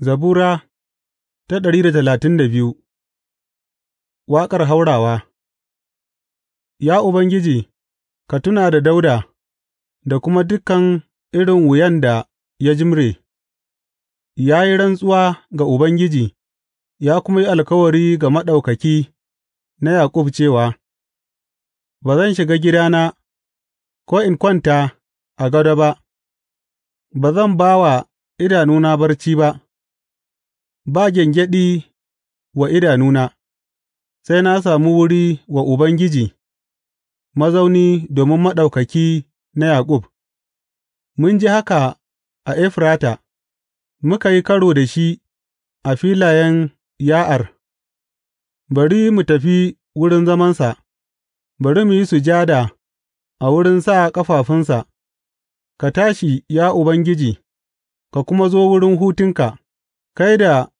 Zabura ta ɗari da talatin da biyu Waƙar haurawa Ya Ubangiji, ka tuna da Dauda, da kuma dukan irin wuyan da ya jimre, ya yi rantsuwa ga Ubangiji ya kuma yi alkawari ga Maɗaukaki na Yaƙub cewa, Ba zan shiga gidana ko in kwanta a gado ba, ba zan ba wa idanuna barci ba. ba gyangyaɗi wa idanuna, sai na sami wuri wa Ubangiji, mazauni domin Maɗaukaki na Yaƙub; mun ji haka a Efrata, muka yi karo da shi a filayen Ya'ar, bari mu tafi wurin zamansa, bari mu yi sujada a wurin sa ƙafafunsa; ka tashi, ya Ubangiji, ka kuma zo wurin hutunka, kai da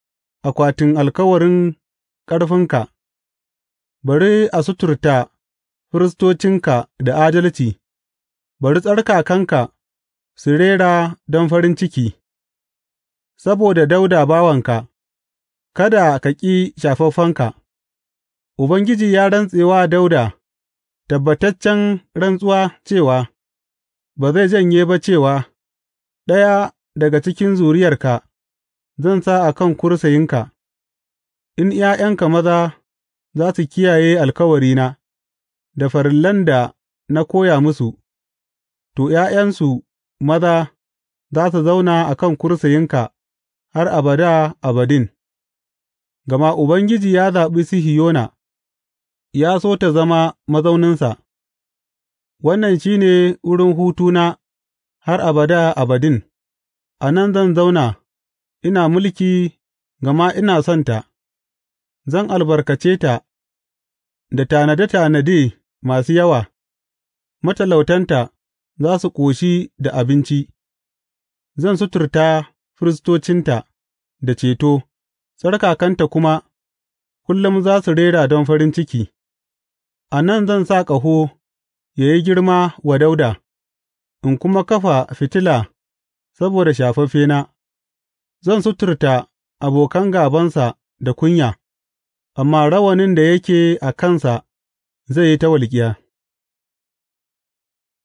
akwatin alkawarin ƙarfinka; bari a suturta firistocinka da adalci, bari tsarkakanka su rera don farin ciki saboda Dauda bawanka, kada ka ƙi shafaffenka, Ubangiji ya rantse wa Dawuda tabbataccen rantsuwa cewa, ba zai janye ba cewa, Ɗaya daga cikin zuriyarka. zan sa a kan kursiyinka, in ’ya'yanka maza za su kiyaye alkawarina, da farillan da na koya musu, to, ’ya'yansu maza za su zauna a kan kursiyinka har abada abadin, gama Ubangiji ya zaɓi Sihiyona, ya so ta zama mazauninsa, wannan shi ne wurin hutuna har abada abadin, a nan zan zauna. Ina mulki gama ina sonta; zan albarkace ta da tanade tanade masu yawa, matalautanta za su ƙoshi da abinci; zan suturta firistocinta da ceto, tsarkakanta kuma kullum za su rera don farin ciki; a nan zan sa ƙaho ya yi girma wa Dauda. in kuma kafa fitila saboda shafaffena. Zan suturta abokan gābansa da kunya, amma rawanin da yake a kansa zai yi ta walƙiya.